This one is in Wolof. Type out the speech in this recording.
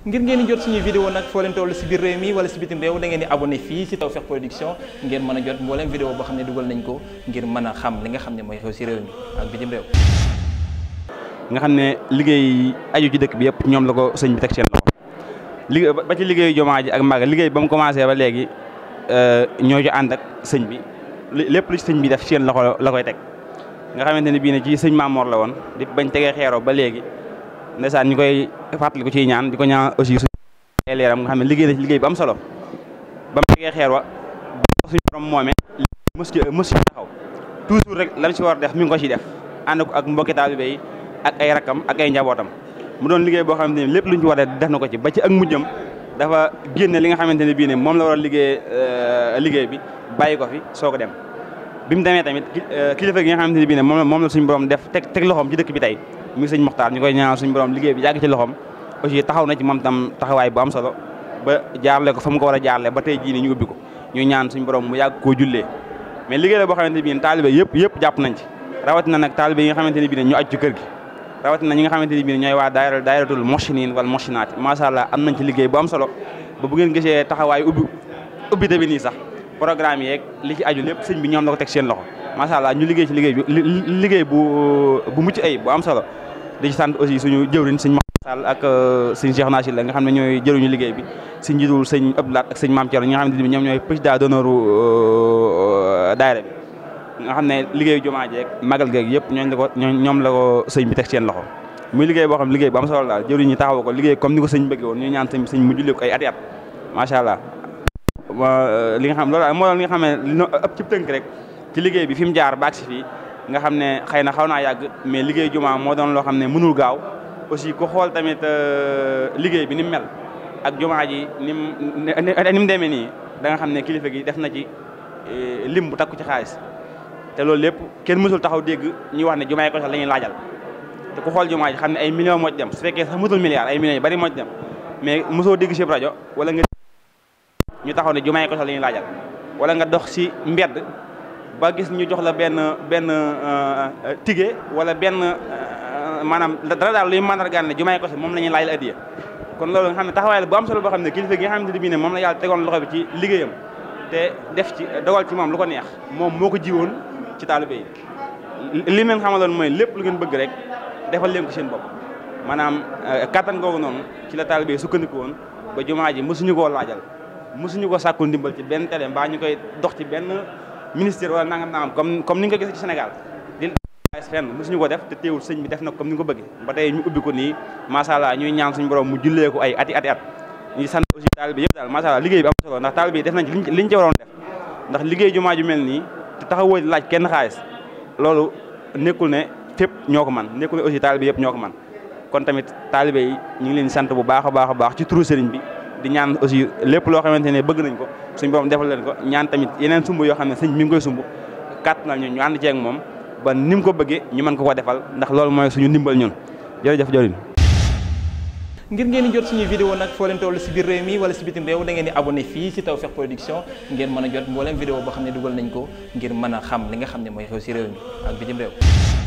ngir ngeen di jot suñuy vidéo nag foo leen toll si biir réew mi wala si bitim réew da di abonné fii si Tawfekh Production ngeen mën a jot mbooleem vidéo boo xam ne dugal nañ ko ngir mën a xam li nga xam ne mooy nga xam ne liggéey aju ci dëkk bi yëpp ñoom la ko sëñ bi teg seen loxo liggéey ba ci liggéeyu jumaa ji ak màggal liggéey ba mu commencé ba léegi euh, ñoo ci ànd ak sëñ bi lépp lu sëñ bi def seen loxo la koy teg nga xamante ne bii ne ci sëñ Maamoor la woon di bañ tegee xeeroo ba léegi ndeysaan ñu koy fàttali ko ciy ñaan di ko ñaan aussi suñu leeram nga xam ne liggéey na ci liggéey bu ba mu tegee xeer wa ba suñu borom moomee mës ci mës ci taxaw toujours la lam ci war def mi ngi ko ci def ànd ko ak mbokki taalibe yi ak ay rakkam ak ay njabootam mu doon liggéey boo xamante ni lépp luñ ci war a def na ko ci ba ci ak mujjam dafa génne li nga xamante ne bii ne moom la war a liggéey euh, liggéey bi bàyyi ko fi soo ko dem bi mu demee tamit euh, kilifa gi nga xamante ne bii ne moom la moom la suñu def teg teg loxoom ci dëkk bi tey muy sëñ Moxtaar ñu koy ñaanal suñu borom liggéey bi yàgg ci loxoom aussi taxaw na ci moom tam taxawaay bu am solo ba jaarle ko fa mu ko war a jaarle ba tey jii nii ñu ubbi ko ñu ñaan suñu borom mu yàgg koo jullee mais liggéey la boo xamante bi ne taalibe yëpp yëpp jàpp nañ ci rawatina nag taalibe nga xamante ne bi ne ñu aju ci ñi nga xamante ne bi ñooy waa daayira daayiratul moshinin wala moshinaati masha Allah am nañ ci liggéey bu am solo ba bu ngeen gisee taxawaay ubbi ubbi tamit nii sax programme yeeg li ci aju lépp sëñ bi ñoom la ko teg seen loxo macha allah ñu liggéey ci liggéey bi liggéey bu bu mucc ayib bu am solo di ci sant aussi suñu jëwriñ suñ Maxal ak euh, suñ Cheikh si la nga xam ne ñooy jëruñu liggéey bi suñ njiitul sëñ Abdou Lahat ak sëñ Mame Thierno ñi nga xam ñoom ñooy président d'honneur euh, daayira bi nga xam ne liggéeyu jumaa jeeg magal geeg yëpp ñooñ la ko ñoom la ko sëñ bi teg seen loxo muy liggéey boo xam liggéey bu am solo daal jëriñ ñi taxaw ko liggéey comme ni ko sëñ bëgg woon ñu ñaan sëñ sëñ mu julli ko ay at at macha allah euh, li nga xam loolu daal moo doon li nga xam ne ëpp ci tënk rek ci liggéey bi fi mu jaar ba agsi fii nga xam ne xëy na xaw naa yàgg mais liggéey jumaa moo doon loo xam ne mënul gaaw aussi ku xool tamit euh, liggéey bi ni mu mel ak jumaa ji ni mu ni mu demee nii danga xam ne kilifa gi def na ci euh, lim bu takku ci xaalis te loolu lépp kenn mësul taxaw dégg ñuy wax ne jumaa yi ko sax la ñuy laajal te ku xool jumaa ji xam ne ay millions moo dem su fekkee sax mësul milliards ay millions yu bari moo dem mais mosoo dégg ci rajo wala nga ñu taxaw ne jumaa yi laajal wala nga dox si mbedd ba gis ñu jox la benn benn euh, tige wala benn euh, maanaam dara daal luy mandargaan ne jumaay Kossy moom la ñuy laaj la addiya kon loolu nga xam ne taxawaay la bu am solo boo xam ne kilifa gi nga xamante ne bii ne moom la yàlla tegoon loxo bi ci liggéeyam te def ci dogal ci moom lu ko neex moom moo ko jiwoon ci taalibe yi li leen xamaloon mooy lépp lu ngeen bëgg rek defal leen ko seen bopp maanaam euh, kattan googu noonu ci la taalibe yi ba jumaa ji mosuñu koo laajal mosuñu ko sàkkul ndimbal ci benn télé ñu koy dox ci benn ministère wala nangam nangam comme comme ni nga ko gisee ci Sénégal di as fenn mosuñu ko def te teewul sëñ bi def na comme ni ko bëgge ba tey ñu ubbi ko nii macha allah ñuy ñaan suñu borom mu jullee ko ay ati ati at ñu sant aussi taalibe yëpp daal macha allah liggéey bi am solo ndax taalibe yi def nañ ci liñ ci waroon def ndax liggéey jumaa ju mel nii te taxawoo di laaj kenn xaalis loolu nekkul ne fépp ñoo ko man nekkul ne aussi taalibe yëpp ñoo ko man kon tamit taalibe yi ñu ngi leen sant bu baax a baax a baax ci turu sëriñ bi di ñaan aussi lépp loo xamante ne bëgg nañ ko suñ borom defal leen ko ñaan tamit yeneen sumb yoo xam ne sëñ mi ngi koy sumb kàttanal ñu ñu ànd ceeg moom ba ni mu ko bëggee ñu mën ko ko defal ndax lool mooy suñu ndimbal ñun jërëjëf Diolène. ngir ngeen di jot suñuy vidéo nag foo leen toll si biir réew mi wala si bitim réew da ngeen di abonné fii si Tawfekh Production ngeen mën a jot mbooleem vidéo boo xam ne dugal nañ ko ngir mën a xam li nga xam ne mooy xew si réew mi ak bitim réew.